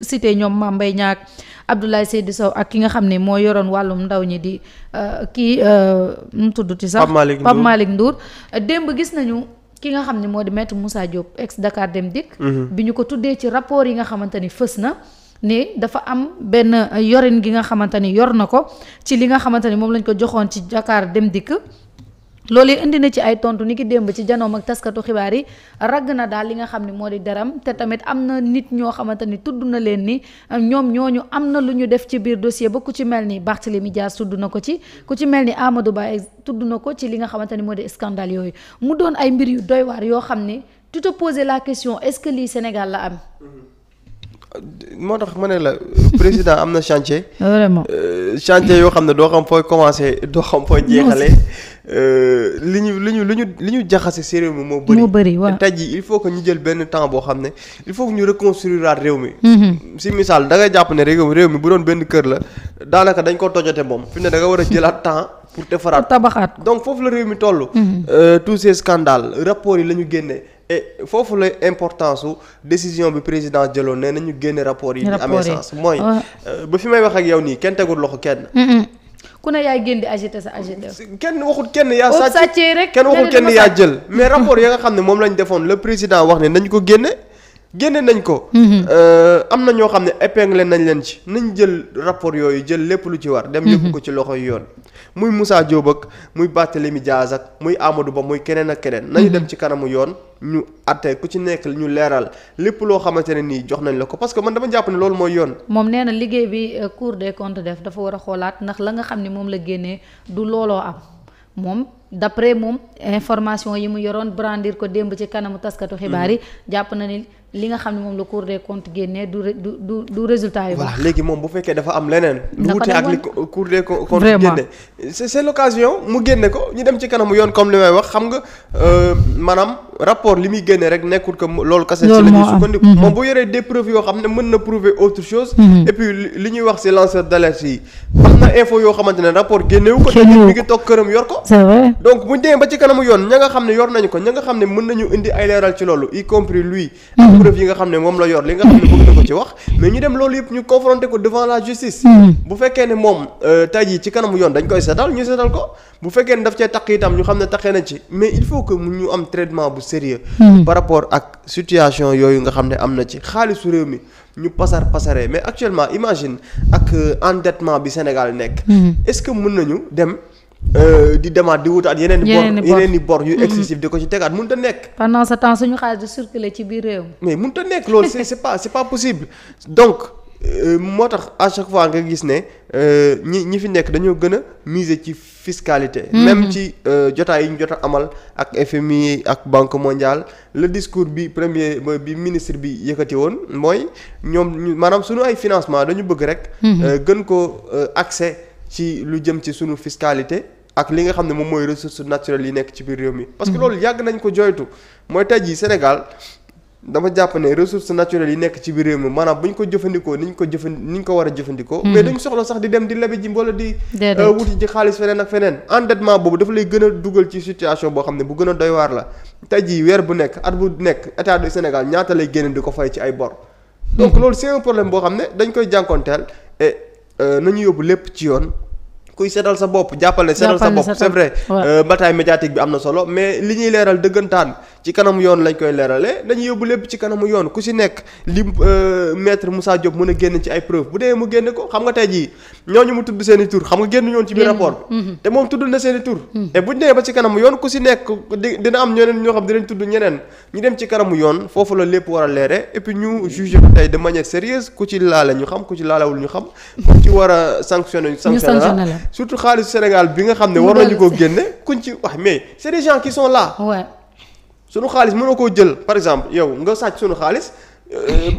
cité ñoom Mame Mbaye Niang ak Abdoulaye Seydou Sow ak ki nga xam ne moo yoroon wàllum ndaw ñi di euh, kii euh, mu tudd ci sax Pape Malick Ndour démb gis nañu ki nga xam ne moo di maître Moussa Diop ex Dakar Dem Dikk mm-hmm. bi ñu ko tuddee ci rapport yi nga xamante ni fës na ni dafa am benn yorin gi nga xamante ni yor na ko ci li nga xamante ni moom lañ ko joxoon ci Dakar Dem Dikk loolu indi na ci ay tontu ni ki démb ci janoom ak taskatu xibaar yi ragg na daal li nga xam ne moo di deram te tamit am na nit ñoo xamante ni tudd na leen ni ñoom ñooñu am na lu ñu def ci biir dossier ba ku ci mel ni Barthélémy Dias tudd na ko ci ku ci mel ni Amadou Ba tudd na ko ci li nga xamante ni moo di scandale yooyu mu doon ay mbir yu doy waar yoo xam ni tu te la question est-ce que lii Sénégal la am. Mm-hmm. moo tax ma ne la président am na chantier. vraiment euh, chantier yoo xam ne doo xam fooy commencé doo xam fooy jeexale euh, li ñu li ñu li ñu li ñu jaxase si réew mi moo bëri. moo bëri waaw jii il faut que ñu jël benn temps boo xam ne il faut que ñu reconstruire réew mi. Mm-hmm. si misaal da jàpp ne réew mi réew mi bu doon benn kër la daanaka dañ ko tojate moom fi ne da nga war a jëlaat temps. pour defaraat tabaxaat donc foofu la réew mi toll. Mm-hmm. Euh, tous ces scandales rapports yi la ñu génnee. et foofu la importance su décision bi président jëloo nee nañu ñu génne rapport yi. amee sens mooy. Euh, ba fi may wax ak yow nii kenn tegul loxo kenn. ku ne yaay génn di agité sa agité. kenn waxut kenn yaa. sàcc kenn waxut kenn yaa jël. mais rapport ya nga xam ne moom lañ defoon le président wax ne nañ ko génne. génne nañ ko. Mhm. Euh, am na ñoo xam ne épinglé nañ leen ci nañ jël rapport yooyu jël lépp lu ci war. dem yóbbu mhm. ko ci loxo yi yoon. muy Moussa Diop muy muy Barthélémy Dias ak muy Amadou Ba muy keneen ak keneen. nañu mhm. dem ci kanamu yoon ñu àtte ku ci nekk ñu leeral lépp loo xamante ne nii jox nañ la ko parce que man dama jàpp ne loolu mooy yoon. moom nee na liggéey bi euh, Cour de comptes def dafa war a xoolaat ndax la nga xam ne moom la génnee du looloo am. moom d'après moom information yi mu yoroon brandir ko démb ci kanamu taskatu xibaar yi jàpp na ni li nga xam ne moom la cour des comptes génnee du du du du résultat yu baax. léegi moom bu fekkee dafa am leneen. lu wute ak li cour des comptes génne. c'est c'est l'occasion mu génne ko ñu dem ci kanamu yoon comme li may wax xam nga euh, maanaam. rapport li muy génne rek nekkul que loolu kase si la ñuy sukkandiku mm-hmm. moom bu yoree des preuves yoo xam ne mën na prouver autre chose mm-hmm. et li ñuy wax si lanceur d'alerte yi am na info yoo xamante ne rapport génnewu ko tamit mi nga xam ne mën nañu indi ay leeral ci loolu y compris lui ak mm-hmm. preuve yi nga xam ne moom la yor li nga xam ne bëgg na ko ci wax mais ñu dem loolu yëpp ñu confronter ko devant la justice bu fekkee ne moom euh, tey jii ci kanamu yoon dañ koy seetal ñu seetal sérieux hmm. par rapport ak situation yooyu nga xam ne am na ci xaalisu réew mi ñu pasar pasaree mais actuellement imagine ak euh, endettement bi Sénégal nekk hmm. est-ce que mën nañu dem euh, di demaat di wutaat yeneen i bor yeneen i bor yu hmm. excessif di ko ci tegaat mënut a nekk. pendant ce temps suñu xaalis di circuler ci biir réew. mais mënut a nekk loolu c'est pas c'est pas possible donc. Euh, moo tax à fois nga gis ne euh, ñi ñi fi nekk dañoo gën a miser ci fiscalité. Mm-hmm. même ci euh, jotaay yi ñu jot amal ak FMI ak Banque mondiale le discours bi premier bi ministre bi yëkkati woon mooy ñoom maanaam suñu ay financement dañu bëgg rek. Mm-hmm. gën ko accès ci lu jëm ci sunu fiscalité. ak li nga xam ne moom mooy ressources naturelles yi nekk ci biir réew mi. parce que mm-hmm. loolu yàgg nañ ko jooytu mooy tey jii Sénégal. dama jàpp ne ressources yi nekk ci biir réew mi maanaam bu ñu ko jëfandikoo ni ñu ko jëfandi ni ko war a jëfandikoo. Hmm. mais dañu soxla sax di dem di lebi ji wala di. Euh, wuti ji xaalis feneen ak feneen. endettement boobu dafa lay gën a dugal ci situation boo xam ne bu gën a doy waar la tey jii weer bu nekk at bu nekk état du Sénégal ñaata lay génn di ko fay ci ay bor. Hmm. donc loolu c'est un problème boo xam ne dañ koy jànkoonteel et euh, nañu yóbbu lépp ci yoon. kuy seetal sa bopp jàppale seetal sa bopp c'est euh, médiatique bi am na solo mais li ñuy leeral dëggantaan ci kanamu yoon lañ koy leeralee dañu yóbbu lépp ci kanamu yoon ku si nekk li euh, maître Moussa Diop mën a génn ci ay preuve bu dee mu génne ko xam nga tey jii ñooñu mu tudd seen i tur xam nga génn ñoon i mm-hmm. tur mm-hmm. et buñ demee ba ku si nekk di am ñeneen ñoo xam dinañ tudd ñeneen ñu dem ci kanamu yoon foofu la lépp war a leere et puis ñu juger tey de manière sérieuse ku ci laale ñu xam ku ci laalawul ñu xam ku ci war a sanctionné sanctionné surtout xaalisu Sénégal bi nga xam ne war nañu ko génne kuñ ci wax mais c'est des qui sont là sunu xaalis mënoo koo jël par exemple yow nga sàcc sunu xaalis euh,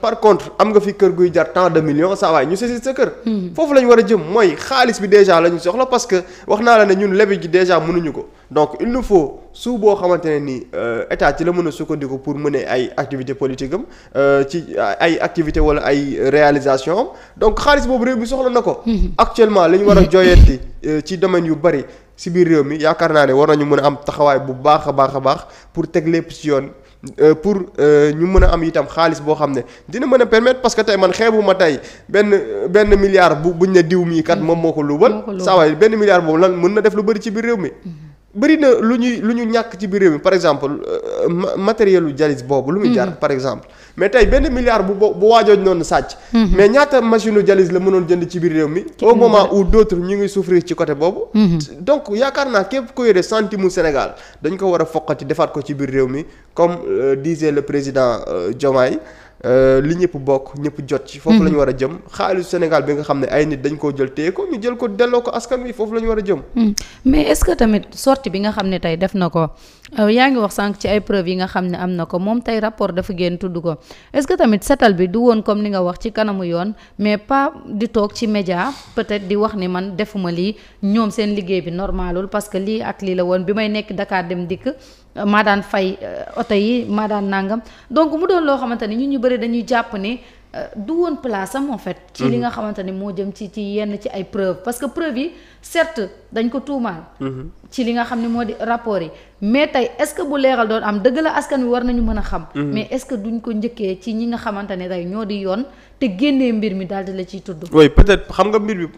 par contre am nga fi kër guy jar temps de million saa waay ñu saisir sa kër. Hmm. foofu la ñu war a jëm mooy xaalis bi déjà la ñu soxla parce que wax naa la ne ñun lebi ji déjà mënuñu ko donc il nous faut su boo xamante ne ni euh, état ci la mën a sukkandiku pour mener ay activité politique am euh, ci ay activité wala ay réalisation am donc xaalis boobu réew bi soxla na ko. Hmm. actuellement la ñu war a jooyanti ci domaine yu bari. si biir réew mi yaakaar naa ne war nañu mën a am taxawaay bu baax a baax a baax pour teg lépp si yoon euh, pour euh, ñu mën a am itam xaalis boo xam ne dina mën a permettre parce que tey man xeebuma tey benn benn milliard bu buñ ne diw mii kat mm. moom moo ko luubal saa benn milliard boobu lan mën na def lu bëri ci biir réew mi mm. bëri na lu ñuy lu ñu ñàkk ci biir réew mi par exemple euh, matériel lu jalis boobu. lu muy mm. jar par exemple. mais tey benn milliard bu bu waajooj noonu sàcc. Mm-hmm. mais ñaata machine lu la mënoon jënd ci biir réew mi. au moment où d' ñu ngi souffrir ci côté boobu. Mm-hmm. donc yaakaar naa képp ko yore centimu Sénégal dañ ko war a foqati defaat ko ci biir réew mi comme euh, diise le président jomaay euh, Euh, li ñëpp bokk ñëpp jot ci. foofu mhm. la ñu war a jëm xaalisu Sénégal bi nga xam ne ay nit dañ koo jël téye ko ñu jël ko delloo ko askan wi foofu la ñu war a jëm. Mhm. mais est que tamit sortie bi nga xam ne tey na ko euh, yaa ngi wax sànq ci ay preuves yi nga xam ne am na ko moom tey rapport dafa génn tudd ko est-ce que tamit setal bi du woon comme ni nga wax ci kanamu yoon mais pas di toog ci média peut-être di wax ni man defuma lii ñoom seen liggéey bi normalul parce que lii ak lii la woon bi may nekk Dakar dem dikk. maa daan fay euh, oto yi maa daan nangam donc mu doon loo xamante ni ñun ñu bëri dañuy jàpp ni euh, du woon place am en ci li nga mhm. xamante ne moo jëm ci ci yenn ci ay preuve parce que preuve yi dañ ko tuumaal. Mhm. ci li nga xam ne moo di rapport yi mais tey est-ce que bu leeral doon am dëgg la askan wi war nañu mën a xam. Mhm. mais est-ce que duñ ko njëkkee ci ñi nga xamante ne tey ñoo di yoon te génnee mbir mi daal di la ciy tudd. oui peut-être xam nga mbir bi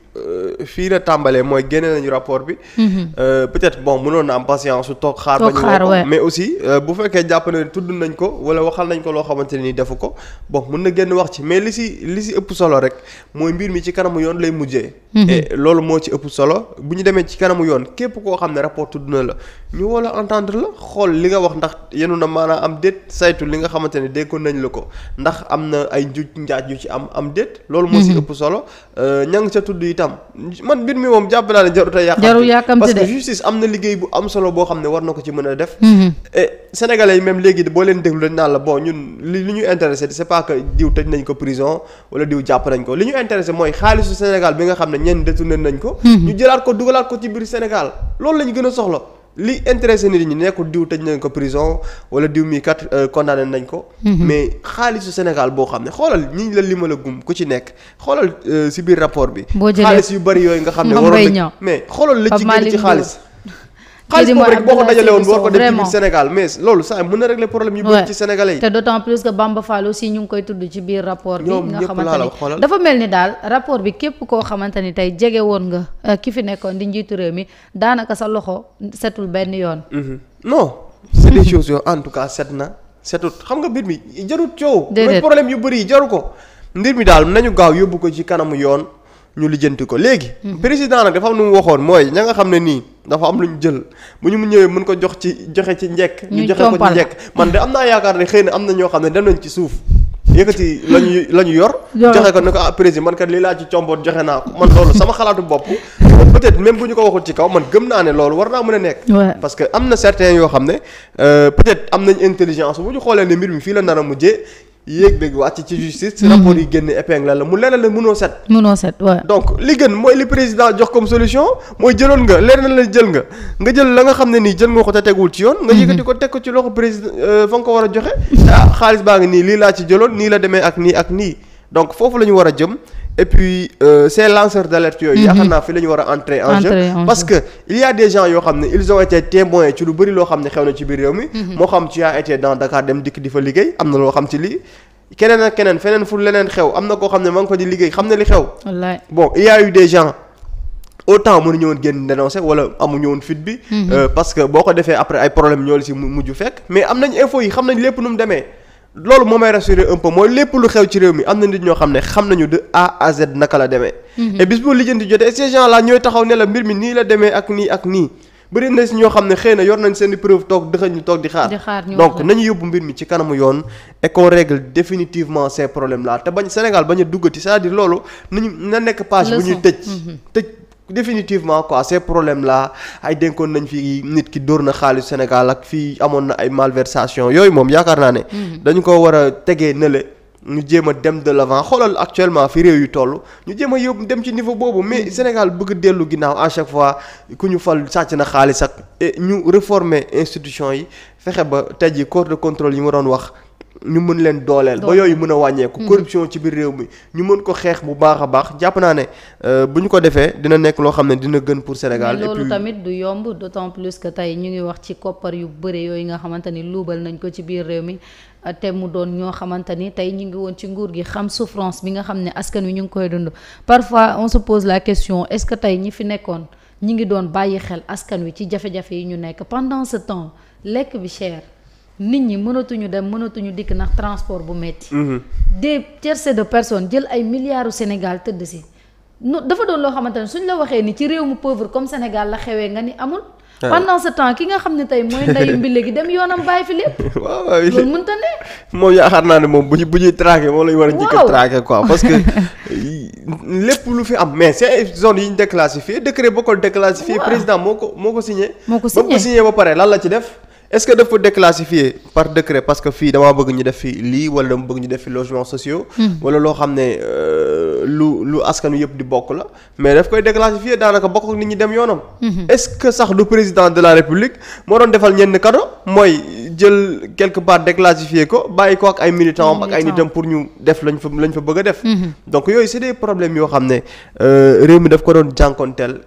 fii la tàmbalee mooy génne nañu rapport bi. Mhm. Euh, peut-être bon mënoon na am patience su toog xaar. ba ñu mais aussi euh, bu fekkee jàpp ne tudd nañ ko wala waxal nañ ko loo xamante ni defu ko bon mën ci mais li li si ëpp solo mooy mbir mi ci kanamu yoon lay mujjee. Mhm. et loolu moo ci ëpp solo bu ñu demee ci kanamu yoon képp koo xam ne rapport tudd na la ñu wala entendre la xool li nga wax ndax yenu na maanaam am déet saytu li nga xamante ne déggoon nañ la ko ndax am na ay njuuj njaaj yu ci am am déet. loolu moo si mhm. ëpp solo euh, ña nga ca tudd itam man mbir mi moom jàpp naa ne jarut a yàqamti justice am na liggéey bu am solo boo xam ne war na ko ci mën a def. Mhm. et sénégalais léegi boo leen déglu dañ naan la bon ñun li li ñu intéressé c'est pas que diw tëj nañ ko prison wala diw jàpp nañ ko li ñu intéressé mooy xaalisu Sénégal bi nga xam ne ñenn détourné nañ ko. Mhm. ñu jëlaat ko dugalaat ko ci biir Sénégal loolu lañ gën a soxla li intéressé nit ñi nekkul diw tëj nañ ko prison wala diw mii kat euh, condamné nañ ko. Mhm. mais xaalisu Sénégal boo xam ne xoolal ñi la limal a gum ku ci nekk xoolal euh, si biir rapport bi. boo xaalis yu bari yooyu nga xam ne. waroon mais xoolal la ci génn ci xaalis. xaalis boobu rek boo ko dajale woon war ko def ci biir Sénégal mais loolu ça mën na régler problème yu bëri ci sénégalais yi te d'autant plus que Bamba Fall aussi ñu ngi koy tudd ci biir rapport bi nga xamante dafa mel ni daal rapport bi képp koo xamante ni tey jege woon nga euh, ki fi nekkoon di njiitu réew mi daanaka sa loxo setul benn yoon mm-hmm. non c'est des choses yoo en tout cas set na setut xam nga mbir mi jarut coow problème yu bëri yi jaru ko mbir mi daal nañu gaaw yóbbu ko ci kanamu yoon ñu lijjanti ko léegi. président nag dafa am lu mu waxoon mooy ña nga xam ne nii dafa am lu ñu jël bu ñu ñëwee mën ko jox ci joxe ci njekk ñu joxe ko ci njekk man de am naa yaakaar ne xëy na am na ñoo xam ne dem nañ ci suuf. yëkkati lañu la ñu yor. joxe ko ne ko ah président man kat lii laa ci comboot joxe naa ko man loolu sama xalaatu bopp. peut-être bu ñu ko waxul ci kaw man gëm naa ne loolu war naa mën a nekk. parce que am na certains yoo xam ne euh, peut am bu ñu xoolee ne mbir a yéeg dëgg wàcc ci justice. si rapport yi mm-hmm. génn épingle la la mu leneen la mënoo set. mënoo set donc li gën mooy li président jox comme solution mooy jëloon nga leneen la jël nga nga jël la nga xam ne nii jël nga ko te teguwul ci yoon. nga mm-hmm. yëkkati ko teg ko ci loo ko président euh, fa nga ko war a joxe. ah xaalis baa ngi nii lii laa ci jëloon nii la demee ak nii ak nii donc foofu la ñu war a jëm et puis euh, ces lanceurs d'alerte yooyu. Mhm. naa fi la war a entrer en jeu. parce que il y a des gens yoo xam ne ils ont été témoins ci lu bëri loo xam ne xew na ci biir réew mi. Mhm. moo xam ci yaa été dans Dakar dem dikk di fa liggéey am na loo xam ci lii. keneen ak keneen feneen fu leneen xew am na koo xam ne ma ngi di liggéey xam ne li xew. bon il y a des gens. autant mënuñu woon génn dénoncé wala amuñu woon fit bi. Mhm. Euh, parce que boo ko defee après ay problème ñoo la si mujj fekk. mais am nañ info yi loolu moo may rassurer un peu mooy lépp lu xew ci réew mi am na nit ñoo xam ne xam nañu de A naka la demee. Mm-hmm. et bis bu lijjanti jotee ces gens là ñooy taxaw ne la mbir mi nii la demee ak nii ak nii bëri na si ñoo xam ne xëy na yor nañ seen i preuve toog dëxëñ ñu toog di xaar. donc nañu yóbbu mbir mi ci kanamu yoon et qu'on règle definitivement ces problème là te bañ Sénégal bañ a duggati saa à dire loolu nañu na nekk page bu ñuy tëj mm-hmm. tëj. définitivement quoi ces problèmes la ay dénkoon nañ fi nit ki dóor na xaalis Sénégal ak fii amoon na ay malversation yooyu moom yaakaar naa ne. Mhm. dañu ko war a tegee nële. ñu jéem a dem de l'avant xoolal actuellement fi réew yu toll ñu jéem a yóbbu dem ci niveau boobu mais mhm. Sénégal bëgg dellu ginnaaw à chaque fois ku ñu fal sàcc na xaalis ak ñu réformer institution yi fexe ba tey ji corps de contrôle yi ma doon wax. ñu mën leen dooleel ba yooyu mën a wàññeeku mm-hmm. corruption ci biir réew mi ñu mën ko xeex bu baax a baax jàpp naa ne euh, bu ñu ko defee dina nekk loo xam ne dina gën pour Sénégal et puis loolu tamit du yomb d'autant plus que tey ñu ngi wax ci koppar yu bëre yooyu nga xamante ni luubal nañ ko ci biir réew mi te mu doon ñoo xamante ni tey ñu ngi woon ci nguur gi xam souffrance bi nga xam ne askan wi ñu ngi koy dund parfois on se pose la question est-ce que tey ñi fi nekkoon ñi ngi doon bàyyi xel askan wi ci jafe-jafe yi ñu nekk pendant ce temps lekk bi cher nit ñi mënatuñu dem mënatuñu dikk ndax transport bu metti mhm. des tiercé de personnes jël ay milliards Sénégal tëdd si no dafa doon loo xamante ne suñ la waxee nii ci réew mu pauvre comme Sénégal la xewee nga ni amul ah. pendant ce temps ki nga xam ne tey mooy ndeyu mbile gi dem yoonam bàyyi fi lépp waaw waaw loolu mënta ne moom yaakaar naa ne moom bu ñu bu ñuy traqué moom la war a njëkk a traqué quoi parce que lépp lu fi am mais c'est zone yi ñu déclassifié décret boo ko déclassifié président moo ko moo ko signé moo ko signé ba pare lan la ci def est-ce que dafa déclassifier par décret parce que fii damaa bëgg ñu def fi lii wala dama bëgg ñu def fi logements sociaux. Hmm. wala loo xam ne euh, lu lu askanu yëpp di bokk la mais daf koy déclassifier daanaka bokk ak nit ñi dem yoonam. Hmm. est-ce que sax du président de la république moo doon defal ñenn kado mooy jël quelque part déclassifier ko bàyyi ko ak ay militants am ak ay nitam pour ñu def lañ fa lañ fa bëgg a def. Hmm. donc yooyu c'est des problèmes yoo xam ne euh, réew mi daf ko doon jànkonteel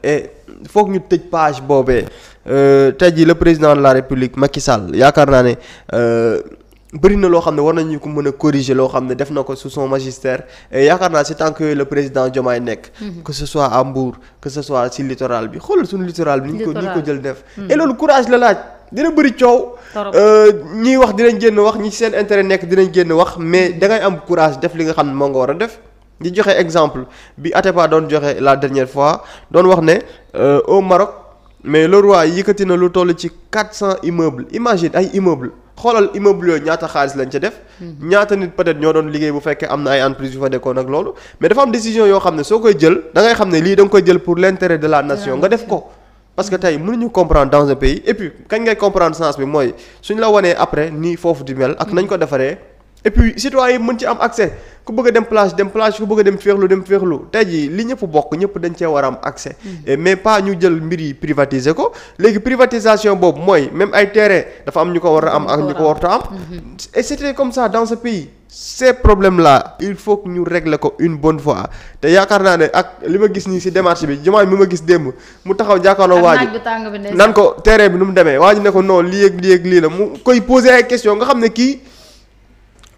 foog ñu tëj page boobee euh, tey jii le président de la république Macky Sall yaakaar naa ne euh, bëri na loo xam ne war nañu ko mën a corriger loo xam ne def na ko sous son magistère yaakaar naa si tànk yooyu le président Diomaye nekk. Mhm. que ce soit à Mbour que ce soit si littoral bi xool suñu littoral bi. ni ñu ko ni ñu ko jël def. Mhm. et loolu courage la laaj. dina bëri coow euh, ñiy wax dinañ génn wax ñi seen intérêt nekk dinañ génn wax mais dangay am courage def li nga xam a def. di joxe exemple bi Atepa doon joxe la dernière fois doon wax ne euh, au Maroc mais le roi yëkkati na lu toll ci 400 immeubles imagine ay immeubles xoolal immeubles yooyu ñaata xaalis lañ ca def. Hmm. ñaata nit peut-être ñoo doon liggéey bu fekkee am na ay entreprises yu fa nekkoon ak loolu mais dafa am décision yoo xam ne soo koy jël da ngay xam ne lii danga koy jël pour l'intérêt de la nation nga def ko. parce que tey mënuñu comprendre dans un pays et puis kañ bi mooy suñ la wanee après nii foofu di ak nañ ko defaree. et puis citoyen yi mën ci am accès ku bëgg a dem plage dem plage ku bëgg dem féexlu dem féexlu tey jii li ñëpp bokk ñëpp dañ cee war a am accès. Mm-hmm. mais pas ñu jël mbir yi privatiser ko léegi privatisation boobu mooy même ay terrain dafa am ñu ko war a am ak ñu ko warut am. Mm-hmm. et c'était comme ça dans ce pays. ces problèmes là il faut que ñu régle ko une bonne fois te yaakaar naa ne ak li ma gis nii si démarche bi jamaay mi ma gis démb mu taxaw jàkkaarloo waa ji nan ko terrain bi nu mu demee waa ji ko non lii yëg lii lii la mu koy poser ay nga xam ne kii.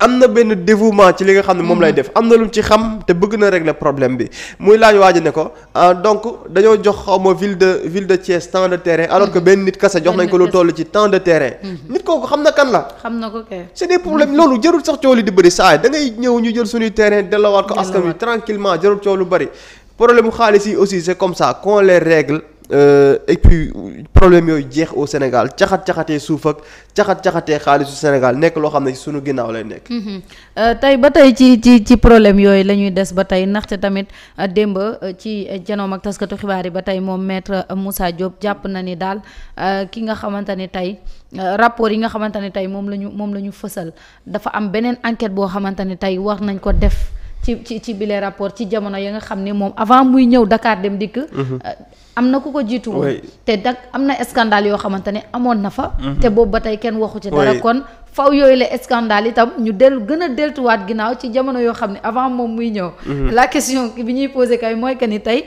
am na benn dévouement ci li nga xam ne moom lay mhm. def am na lu mu ci xam te bëgg na régler problème bi muy laaj waa ji ne ko ah, donc dañoo jox xaw ma ville de ville de Thiès tant de terrain alors que mhm. benn nit kese jox nañ ko lu toll ci tant de terrain. Mhm. nit kooku xam na kan la. xam na ko kay. c'est des problèmes loolu jarul sax coow li di bëri saa yi ngay ñëw ñu jël suñuy terrain delloowaat ko askan wi tranquillement jarul coow lu bëri problème mu xaalis yi aussi c'est comme ça qu'on les règle Euh, et puis problème yooyu jeex au Sénégal caxat caxatee suuf ak caxat caxatee xaalisu Sénégal nekk loo xam ne sunu ginnaaw lay nekk. Mm-hmm. Euh, tey ba tey ci ci ci problème yooyu la ñuy des ba tey ndaxte tamit euh, démb ci janoom ak taskatu xibaar yi ba tey moom maître musa Diop jàpp na ni daal ki nga xamante ni tey rapport yi nga xamante ni tey moom la ñu moom la ñu fësal dafa am beneen enquête boo xamante ni tey war nañ ko def. ci ci ci bile rapport ci jamono ya nga xam ne moom avant muy ñëw am na ku ko jiitu woon te dag am na scandale yoo xamante ne amoon na fa mhm. te boobu ba tey kenn waxu ci dara kon faw yooyu la scandale itam ñu dellu gën deltuwaat ginnaaw ci jamono yoo xam ne avant moom muy ñëw mhm. la question bi ñuy posé kay mooy que ni tey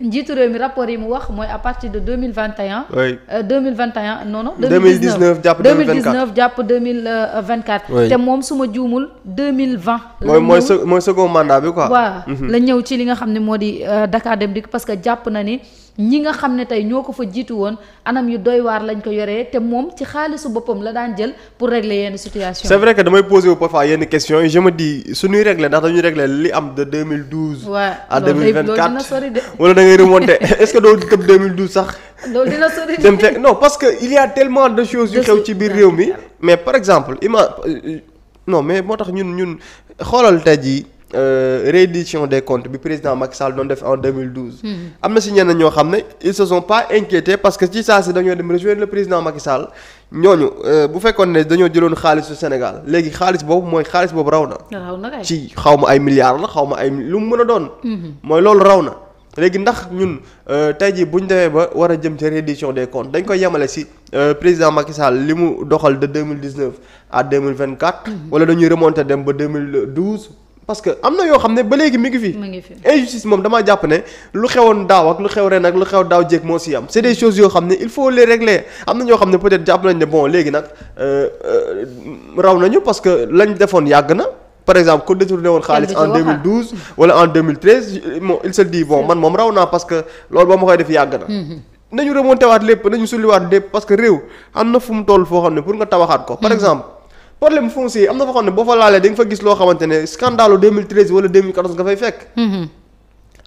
njiitu réew mi rapport yi mu wax mooy à de deux mille vingt et un. Euh, deux mille vingt et un non non. deux mille dix neuf jàpp deux mille vingt quatre deux deux mille vingt quatre. te moom su ma juumul deux mille vingt. mooy mooy se mooy second mandat bi quoi. waaw mhm. la ci li nga xam ne moo di euh, Dakar Dem Dikk parce que jàpp na ni. ñi nga xam ne tey ñoo ko fa jiitu woon anam yu doy waar lañ ko yore te moom ci xaalisu boppam la daan jël pour régler yenn situation c'est vrai que damay posé wu parfois yenn question yi je me dis suñuy régler ndax dañuy régler li am de 2012 waaw à 2024 wala da ngay remonter sax loolu dina sori non parce que il y a tellement de choses yu xew ci biir réew mi mais par exemple ima non mais moo tax ñun ñun xoolal tey jii Euh, réédition des comptes bi président Macky Sall doon def en 2012. Hmm. am na si ñenn ñoo xam ne ils se sont pas inquiétés parce que ci saa si dañoo dem rejoindre le président Macky ñooñu euh, bu fekkoon ne dañoo jëloon xaalisu Sénégal léegi xaalis boobu mooy xaalis boobu raw na. ci xaw ma ay milliards na xaw ma ay lu mu mën a doon. Hmm. mooy loolu raw na. léegi ndax ñun euh, tey jii bu ñu demee ba war a jëm ci reddition des comptes dañ koy yemale si président Macky Sall li mu doxal de deux mille dix neuf à deux mille vingt quatre. Hmm. wala dem ba deux mille douze parce que am na yoo xam ne ba léegi mi ngi fi. mi ngi fi injustice moom damaa jàpp ne lu xewoon daaw ak lu xew ren ak lu xew daaw jéeg moo si am c'est des choses yoo xam ne il faut les régler am na ñoo xam ne peut-être jàpp nañ ne bon léegi nag euh, euh, raw nañu parce que lañ defoon yàgg na. par exemple ku détourné woon xaalis en 2012 wala en 2013 moom il se dit bon man moom raw naa parce que loolu ba ma koy def yàgg na. Mm-hmm. nañu remonté waat lépp nañu sulliwaat lépp parce que réew am na fu mu toll foo xam ne pour nga tabaxaat ko. par mm-hmm. exemple. problème foncier am na fa xam ne boo fa laalee da fa gis loo xamante ne scandale 2013 wala 2014 nga fay fekk. Mhm.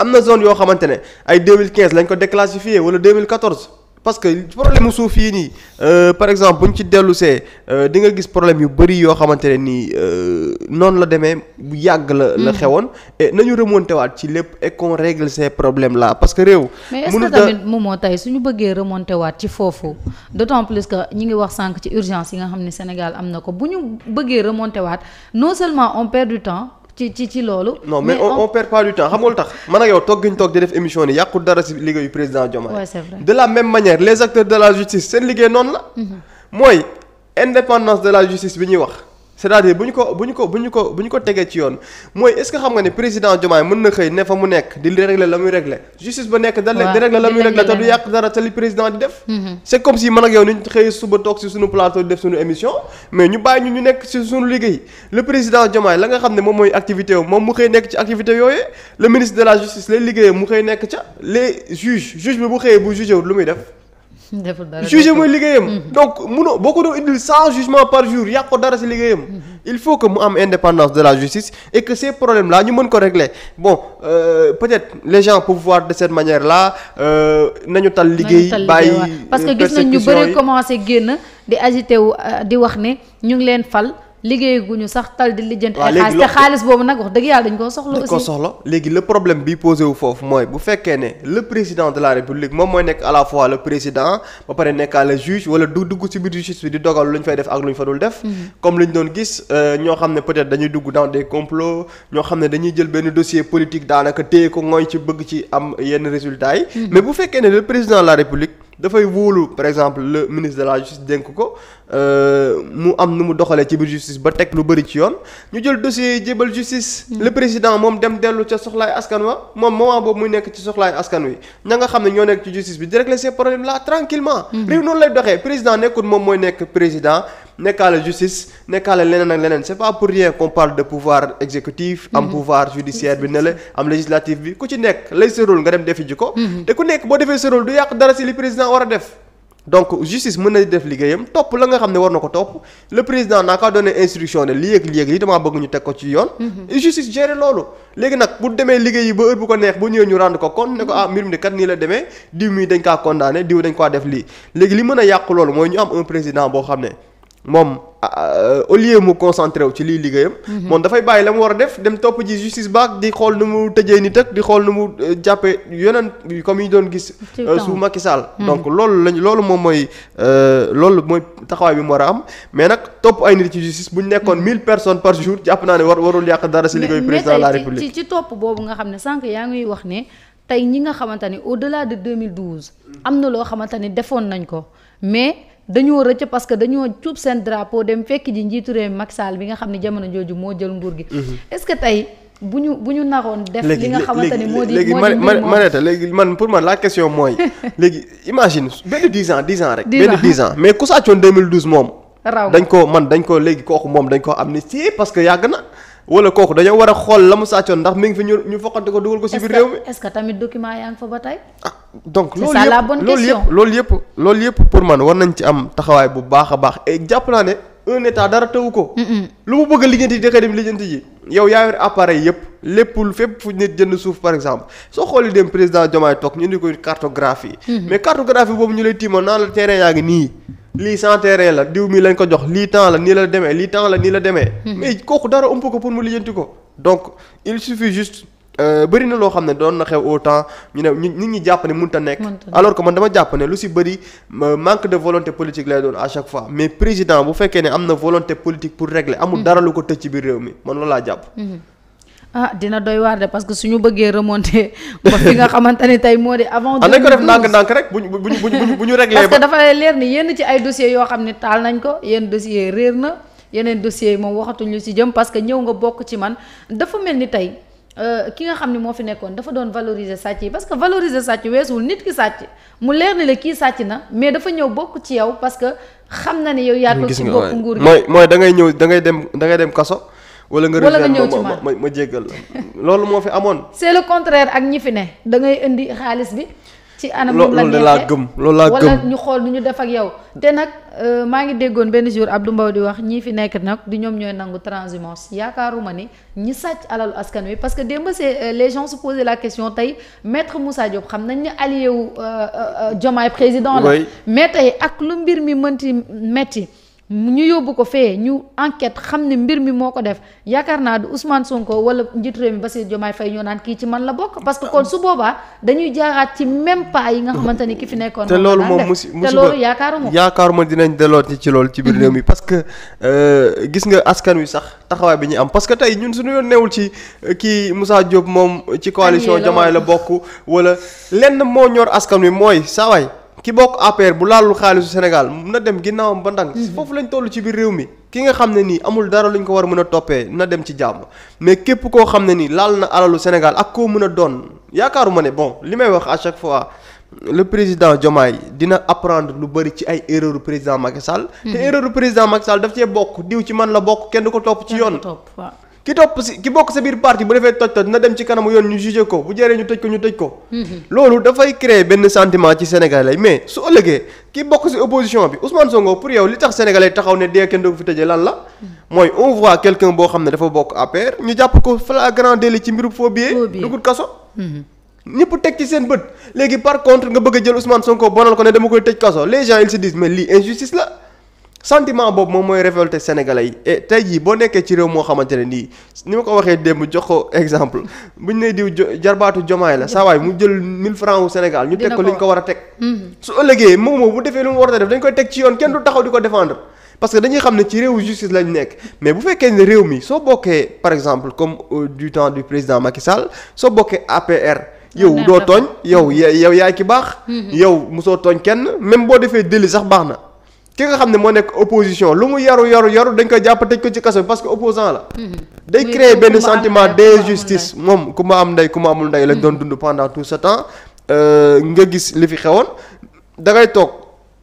am na zone yoo xamante ne ay 2015 lañ ko déclassifié wala 2014. parce que problème soo fii nii euh, par exemple bu ñu ci dellusee see euh, di nga gis problème yu bëri yoo xamante ne nii euh, noonu la demee bu yàgg la. la mm. xewoon nañu remonté waat ci lépp et qu'on règle ces problèmes là parce que réew. mais est-ce que tamit moomoo tey suñu bëggee remonté waat ci foofu d'autant plus que ñu ngi wax sànq ci urgence yi nga xam ni Sénégal am na ko bu ñu bëggee remonté waat non seulement on perd du temps. ci ci ci loolu. non mais on on perd pas du temps xam tax man ak yow togg gi ñu toog di def émission ni yàqu dara si liggéeyu président Diomaye. waaw de la même manière les acteurs de la justice seen liggéey noonu la. Mm-hmm. mooy indépendance de la justice bi ñuy wax. c'est-à-dire bu ñu ko bu ñu ko bu ñu ko bu ñu ko tegee ci yoon mooy est-ce xam nga ne président Diomaye mën na xëy ne fa mu nekk di régler la muy régler justice ba nekk dal di régler la muy régler te du yàq dara te li président di def mm-hmm. c'est comme si man ak yow ni xëy suba toog si suñu plateau di def suñu émission mais ñu bàyyi ñu ñu nekk si suñu liggéey le président Diomaye la nga xam ne moom mooy activité wu moom mu xëy nekk ci activité yooyee le ministre de la justice lay liggéeyee mu xëy nekk lu muy def deful dara juge mooy liggéeyam. donc munoo boo ko doon indil cent jugement par jour yàq ko dara si liggéeyam. il faut que mu am indépendance de la justice et que ces problèmes là ñu mën ko régler bon euh, peut-être les gens peuvent voir de cette manière là euh, nañu tal liggéey. bàyyi parce que gis nañ ñu bëri commencé génn di agité wu euh, di wax ni ñu ngi leen fal. liggéey guñu sax tal di lijjanti ay xaalis boobu nag wax dëgg yàlla dañ koo soxla aussi ko soxla léegi le problème bi posé wu foofu mooy bu fekkee ne le président de la république moom mooy nekk à la fois le président ba pare nekkaa le juge wala du dugg ci biir justice bi di dogal lu ñu fay def ak lu ñu fa dul def mhm. comme li ñu doon gis euh, ñoo xam ne peut-être dañuy dugg dans des complots ñoo xam ne dañuy jël benn dossier politique daanaka téye ko ngooy ci bëgg ci am yenn résultats mhm. bu fekkee ne président de la dafay wóolu par exemple le ministre de la justice dénk ko euh, mu am nu mu doxalee ci biir justice ba teg lu bëri ci yoon ñu jël dossier jébal justice. Hmm. le président moom dem dellu ca soxlaay askan wa moom moment boobu muy nekk ci soxlaay askan wi ña nga xam ne ñoo nekk ci justice bi di régler ces problèmes là tranquillement hmm. réew noonu lay doxee président nekkul moom mooy nekk président. nekkaale justice nekkaale leneen ak leneen c'est pas pour rien qu'on de pouvoir exécutif am mm-hmm. pouvoir judiciaire bi ne la am législatif bi ku ci nekk lay sa rôle nga dem defi ji ko mm-hmm. te ku nekk boo defee sa rôle du yàq dara ci li président war a def donc justice mën na def liggéeyam topp la nga xam ne war na ko topp le président naa kaa donné instruction ne lii ak lii ak lii damaa bëgg ñu teg ko ci yoon. Mm-hmm. justice gérer loolu. léegi nag bu demee liggéeyi ba heure bu ko neex bu ñëwee ñu rendre ko compte ne ko ah def lii léegi li mën a yàq loolu mooy ñu am un président boo xam ne. moom au lieu mu concentré wu ci liy liggéeyam. Mhm. moom dafay bàyyi la mu war a def dem topp ji justice baak di xool nu mu tëjee nit ak di xool nu mu euh, jàppee yeneen comme yi doon gis. Euh, su Macky Sall. Mhm. donc loolu lañ loolu moom mooy euh, loolu mooy taxawaay bi mu war a am mais nag topp ay nit ci justice bu ñu nekkoon mhm. mille personnes par jour jàpp naa ne war warul yàq dara si liggéeyu président de la république. ci topp boobu nga xam ne sànq yaa ngi wax ne tey ñi nga xamante ne au delà de 2012. Mm. am na loo xamante ne defoon nañ ko mais. dañoo rëcc parce que dañoo cuub seen drapeau dem fekk ji njiitu réew mi Macky bi nga xam ne jamono jooju moo jël nguur gi. Mhm. est-ce que tey bu ñu bu ñu naroon def li nga xam ni moo di léegi Marieta léegi man pour man la question mooy léegi imagine benn dix ans dix ans rek. benn dix ans mais ku sàccoon 2012 moom. raw dañ ko man dañ ko léegi kooku moom dañ ko ni parce que yàgg na. wala kooku dañoo war a xool la mu sàccoon ndax mi ngi fi ñu ñu foqante ko dugal ko ci biir réew mi est-ce que tamit document yaa ngi fa ba tey ah donc loolu yëpp loolu yëpp loolu yëpp pour man war nañ ci am taxawaay bu baax a baax et jàpp naa ne un état dara taw ko. lu mu bëgg a lijjanti da koy dem lijjanti ji. yow yaa yor appareil yëpp lépp fépp fu nit jënd suuf par exemple soo xoolee dem président Diomaye toog ñu indi ko cartographie. Mm-hmm. mais cartographie boobu ñu lay tiimal naan la terrain yaa ngi nii. lii sans la diw mi lañ ko jox lii temps la nii la demee lii temps la nii la demee. Mm-hmm. mais kooku dara ëmp ko pour mu lijjanti ko. donc il suffit juste. Euh, bëri na loo xam ne doon na xew au temps ñu ne ñu nit ñi jàpp ne mënut a nekk. alors que man dama jàpp ne lu si bëri manque de volonté politique lay doon à chaque fois mais président bu fekkee ne am na volonté politique pour régler. amul mm-hmm. dara lu ko tëj ci biir réew mi man laa jàpp. Mm-hmm. ah dina doy waar de parce que suñu bëggee remonter ba fi nga xamante ne tey moo di avant. ah nañ ko def ndànk-ndànk rek bu ñu bu ñu bu ñu réglé. parce que dafa leer ni yenn ci ay dossiers yoo ne taal nañ ko yenn dossiers réer na yeneen dossiers moom waxatuñu lu si jëm parce que ñëw nga bokk ci man dafa mel ni tey Euh, ki nga xam ne moo fi nekkoon dafa doon valoriser sàcc yi parce que valoriser sàcc weesuwul nit ki sàcc mu leer ni la kii sàcc na mais dafa ñëw bokk ci yow parce que xam na ne yow yaa ko ci bokk nguur gi mooy mooy da ngay ñëw dangay dem dangay dem kaso wala nga ñëw moom ma ma jéggal la loolu moo fi amoon c'est le contraire ak ñi fi ne dangay indi xaalis bi ci anam loolu de laa gëm loolu laa gëm wala ñu xool nu ñu def ak yow te nag euh, maa ngi déggoon benn jour Abdou Mbow di wax ñii fi nekk nag di ñoom ñooy nangu transhumance yaakaaruma ni ñi sàcc alalu askan wi parce que démb c'est euh, les gens se la question tey maître Moussa xam nañ ni allié wu euh, Diomaye président la mais tey ak lu mbir mi mënti metti ñu yóbbu ko fee ñu enquête xam ne mbir mi moo ko def yaakaar naa du Ousmane Sonko wala njiitu réew mi Bassirou Diomaye Faye ñoo naan kii ci man la bokk. parce que kon su boobaa dañuy jaaraat ci même pas yi nga xamante ki fi nekkoon. te loolu moom musi te loolu yaakaaruma yaakaaruma dinañ delloo ci loolu ci biir réew mi parce que euh, gis nga askan wi sax taxawaay bi ñu am parce que tey ñun suñu yoon newul ci euh, kii Moussa Diop moom. ci coalition Diomaye la bokk wala lenn moo ñor askan wi mooy saa ki bokk APR bu laalu xaalisu Sénégal mun na dem ginnaawam ba ndànk mhm. foofu lañ toll ci biir réew mi ki nga xam ne nii amul dara luñ ko war a mën a toppee na dem ci jàmm mais képp koo xam ne nii laal na alalu Sénégal ak koo mën a doon yaakaaruma ne bon li may wax à chaque fois le président Diomaye dina apprendre lu bëri ci ay erreur président Macky Sall. Mhm. te erreur président Macky Sall daf cee bokk diw ci man la bokk kenn du ko topp ci yoon. ki topp si ki bokk sa biir parti bu defee toj toj na dem ci kanamu yoon ñu jugé ko bu jëree ñu tëj ko ñu tëj ko. Mhm. loolu dafay créer benn sentiment ci sénégalais mais su ëllëgee ki bokk si opposition bi Ousmane Sonko pour yow li tax sénégalais taxaw ne dee kenn du fi tëjee lan la. Mhm. mooy on voit quelqu'un boo xam ne dafa bokk APR ñu jàpp ko flagrant délit ci mbirum faux billet. dugul kaso. Mhm. ñëpp teg ci seen bët léegi par contre nga bëgg jël Ousmane Sonko sentiment boobu moom mooy révolté sénégalais yi et tey jii boo nekkee ci réew moo xamante ne nii ni ma ko waxee démb jox ko exemple buñ ne diw jarbaatu jomaay la saa waay mu jël 1000 francs wu Sénégal ñu teg ko ko war a teg mhm. su ëllëgee moom bu defee lu mu war a def dañ koy teg ci yoon kenn du taxaw di ko défendre parce que dañuy xam ne ci réewu justice lañ nekk mais bu fekkee ne réew mi soo bokkee par exemple comme euh, du temps du président Macky soo bokkee APR yow doo tooñ yow mhm. yow yaay ki baax mhm. yow musoo tooñ kenn même boo defee délit sax baax na ki nga xam ne moo nekk opposition lu mu yaru yaru yaru dañ koy jàpp tëj ko ci kaso bi parce que opposant la mhm. day créer benn sentiment d'injustice moom ku ma am ndey ku ma amul ndey lañ doon mhm. dund pendant tout ce temps euh, nga gis li fi xewoon da ngay toog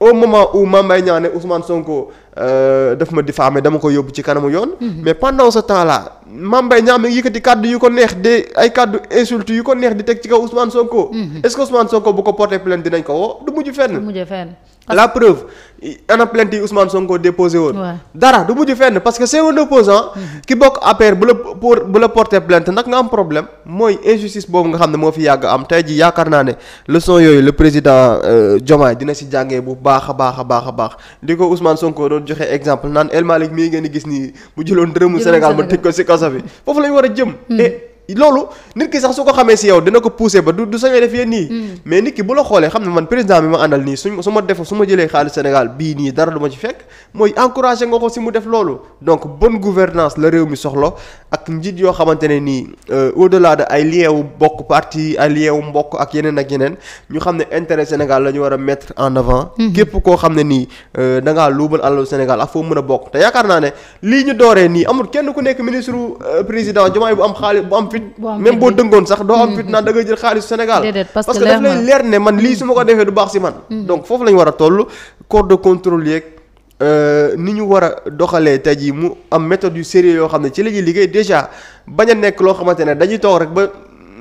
au moment où Mame Mbaye Niang ne Ousmane Sonko euh, daf ma diffamé dama ko yóbbu ci kanamu yoon mhm. mais pendant sa temps là Mame Mbaye Niang mi ngi yëkkati kàddu yu ko neex de ay kàddu insulte yu ko neex di teg ci kaw Ousmane Sonko est-ce que Ousmane Sonko bu ko porté plainte dinañ ko woo du mujj fenn la preuve ana plainte yi Ousmane Sonko déposé woon. dara du mujj fenn parce que c'est un opposant ki bokk APR bu la pour bu la porter plainte nag nga am problème mooy injustice boobu nga xam ne moo fi yàgg am tey ji yaakaar naa ne leçon yooyu le président euh, Diomaye dina si jàngee bu baax a baax a baax a baax di ko Ousmane Sonko doon joxe exemple naan El Malick mii ngeen di gis nii bu jëloon dërëmu Sénégal ma tëj ko si kaso bi foofu lañ war a jëm. Hmm. loolu nit ki sax su ko xamee si yow dina ko pousser ba du du sañoo def yéen nii. Mm. mais nit ki bu la xoolee xam ne man président bi ma àndal nii suñ su ma def su ma jëlee xaalis Sénégal bii nii dara duma ci fekk mooy encouragé nga ko si mu def loolu donc bonne gouvernance la réew mi soxla njiit yoo xamante ne nii euh, au delà de ay liens wu bokk parti ay liens wu mbokk ak yeneen ak yeneen ñu xam ne intérêt Sénégal la ñu war a en avant. Mhm. képp koo xam ne nii euh, da luubal alalu Sénégal ak foo mën a bokk te yaakaar naa ne lii ñu dooree nii amul kenn ku nekk ministre euh, président Diomaye bu am xaalis bu am fit. même boo dëngoon sax doo am mhm. fit naan da jël xaalis Sénégal. parce daf lay leer ne man lii mhm. su ma ko defee du baax si man. donc foofu a Euh, ni ñu war a doxalee tey jii mu am méthode yu sérieux yoo xam ne ci la liggéey déjà bañ a nekk loo xamante ne dañuy toog rek ba.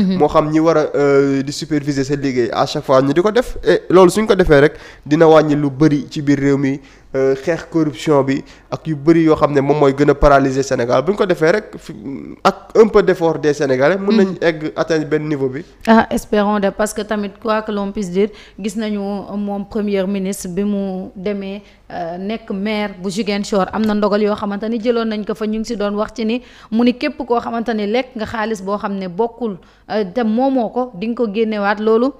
Mm-hmm. moo xam ñi war a euh, di superviser seen liggéey à chaque fois ñu di ko def et loolu suñ ko defee rek dina wàññi lu bëri ci biir réew mi Euh, xeex corruption bi ak yu bëri yoo xam ne moom mooy gën a paralyser Sénégal bu ñu ko defee rek ak un peu d'effort des Sénégalais. mën nañ mm-hmm. egg atteindre benn niveau bi. ah espérons de parce que tamit quoi que l'on puisse gis nañu moom première ministre bi mu demee euh, nekk maire bu Ziguinchor am na ndogal yoo xamante ni jëloon nañ ko fa ñu ngi si doon wax ci ni mu ni képp koo xamante ni lekk nga xaalis boo xam ne bokkul euh, te moomoo ko di nga ko génnewaat loolu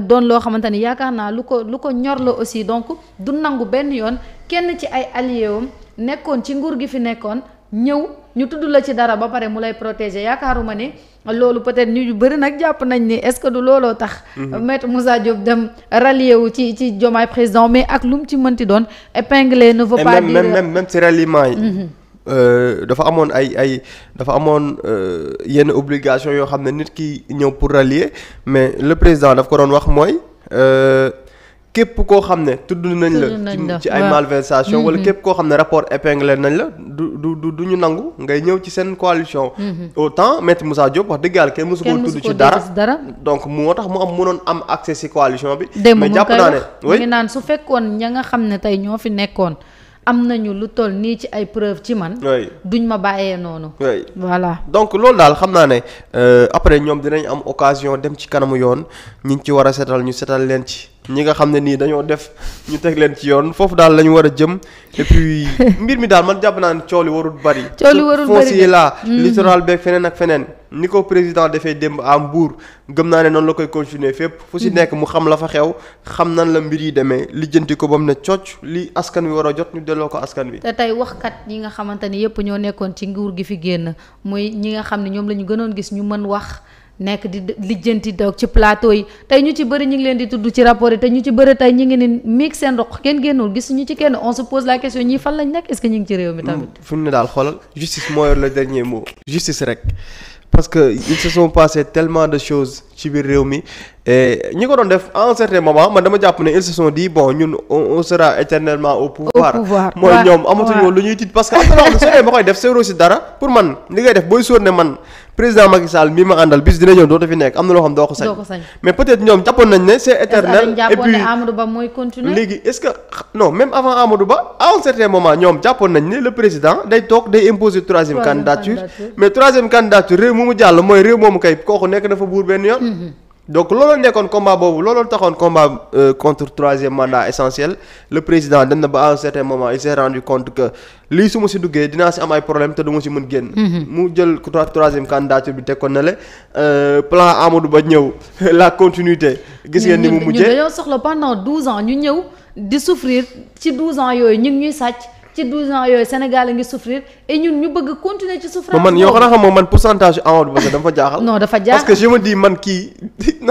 doon loo xamante ni yaakaar naa lu ko lu ko ñor la donc du nangu benn yoon. kenn ci ay allié wam nekkoon ci nguur gi fi nekkoon ñëw ñu tudd la ci dara ba pare mu lay protéger yaakaaruma ne loolu peut-être ñu bëri nag jàpp nañ ni est-ce que du looloo tax. Mhm. maître Moussa Diop dem rallier wu ci ci Diomaye président mais ak lu mu ci mënti doon épingler ne veut pas dire même même même si ralliement yi. Mhm. Euh, dafa amoon ay ay dafa amoon euh, yenn obligation yoo xam ne nit ki ñëw pour rallier mais le président daf ko doon wax mooy. Euh, képp koo xam ne tudd nañ la ci ay malversation wala mm-hmm. képp koo xam ne rapport épinglé nañ la du du du du ñu nangu ngay ñëw ci seen coalition mm-hmm. autant maître Moussa Diop wax dëgg yàlla kenn mosu koo tudd ci dara donc moo tax mu am mu mënoon am accès ci coalition bi mais jàpp naa ne mu ngi naan su fekkoon ña nga xam ne tey ñoo fi nekkoon am nañu lu toll nii ci ay preuve ci man. duñ ma bàyyee noonu. voilà donc loolu daal xam naa ne euh, après ñoom dinañ am occasion dem ci kanamu yoon ñi ci war a setal ñu setal leen ci. ñi nga xam ne nii dañoo def ñu teg leen ci yoon foofu daal la ñu war a jëm et mbir mi daal man jàpp naa ne coow li warul bari. coow warul bari foncier la mm. littoral beeg feneen ak feneen. ni ko président defee démb am Mbour gëm naa ne noonu la koy continuer fépp fu si mm. nekk mu xam la fa xew xam nan la mbir yi demee lijjanti ko ba mu ne cocc li askan wi war a jot ñu delloo ko askan wi. te tey waxkat ñi nga xamante ne yëpp ñoo nekkoon ci nguur gi fi génn mooy ñi nga xam ne ñoom la ñu gënoon gis ñu mën wax. nekk di lijjanti doog ci plateau yi tey ñu ci bëri ñu ngi leen di tudd ci rapport yi te ñu ci bëri tey ñu ngi ne miig seen dox kenn génnul gis ñu ci kenn on se pose la question ñii fan lañ nekk est-ce ñu ngi ci réew mi tamit. Mm, fu ne daal xoolal justice moo yor dernier mot justice rek parce que ils se sont passé tellement de choses ci biir réew mi ñi ko doon def à un certain moment man dama jàpp ne ils se sont dit bon ñun on sera éternellement au pouvoir lu ñuy parce que am na loo xam ne soo dee pour man li ngay def booy sóor ne man président Macky Sall mii ma àndal bis dina ñëw dootu fi nekk am na loo xam doo ko sañ. mais peut ñoom jàppoon nañ ne c'est éternel. et puis Amadou est-ce que non même avant Amadou Ba à un moment ñoom jàppoon nañ ne le président day toog day imposer troisième candidature mais troisième candidature réew mu mu jàll mooy réew moomu kay kooku nekk dafa buur benn yoon. Mm-hmm. donc looloo nekkoon combat boobu looloo taxoon combat euh, contre troisième mandat essentiel le président dem na ba à un certain moment il s'est rendu compte que lii su ma si duggee dinaa si am ay problème te du ma si mën génn. Mhm. mu jël troisième candidature bi teg ko na le euh, plan Amadou Ba ñëw la continuité. gis ngeen ni mu mujjee ñu dañoo soxla pendant douze ans ñu ñëw di souffrir ci douze ans yooyu ñu ngi ñuy sàcc. ci 12 ans yooyu Sénégal a ngi souffrir et ñun ñu bëgg continuer ci souffrance. man yow xanaa xam moom man pourcentage Amadou Ba dama fa jaaxal. non dafa jaaxal parce que je me dis man kii.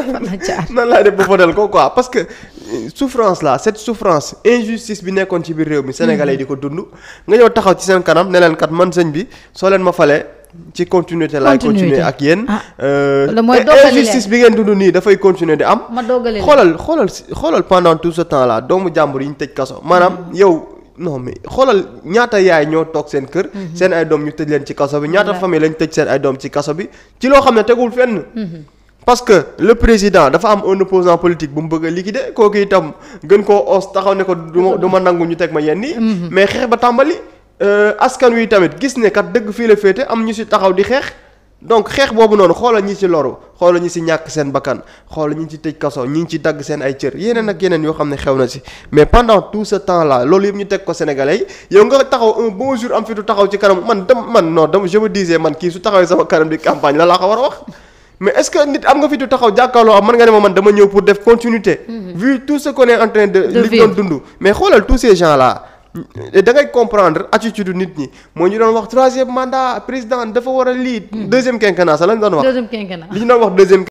nan laa parce que euh, souffrance là cette souffrance injustice bi nekkoon ci biir réew mi. Sénégalais yi di ko mm-hmm. dund. nga ñëw taxaw ci seen kanam ne leen kat man sëñ bi soo leen ma falee. ci continuité laay continuer ak yéen. te ah, euh, injustice bi ngeen dund nii dafay continuer di am. ma xoolal xoolal xoolal pendant tout ce temps là doomu jàmbur yi ñu tëj kaso maanaam mm-hmm. yow. non mais xoolal ñaata yaay ñoo toog seen kër. Mhm. seen ay doom ñu tëj leen ci kaso bi ñaata famille lañ tëj seen ay doom ci kaso bi ci loo xam ne tegul fenn. Mhm. parce que le président dafa am un opposant politique bu mu bëgg a liquider kooku itam gën koo os taxaw ne ko du ma ma nangu ñu teg ma yenn yi. Mhm. mais xeex ba tàmbali euh, askan wi tamit gis ne kat dëgg fii la féete am ñu si taxaw di xeex. donc xeex boobu noonu xoolal ñi ci loru xoolal ñi ci ñàkk seen bakkan xoolal ñi ci tëj kaso ñi ci dagg seen ay cër yeneen ak yeneen yoo xam ne xew na ci mais pendant tout ce temps là loolu yëpp ñu teg ko sénégalais yi yow nga taxaw un am fitu taxaw ci kanam man dem man non dem je man kii su taxawee sama kanam di campagne la laa ko war a wax mais est-ce que nit am nga fitu taxaw jàkkaarloo am mën nga ne ma man dama ñëw pour def continuité. Mm-hmm. vu tous ces gens da ngay comprendre attitude nit ñi moo ñu doon wax troisième mandat président dafa war a lii. Mm. deuxième quinquennat sax lañ doon wax. deuxième quinquennat li ñu doon wax deuxième.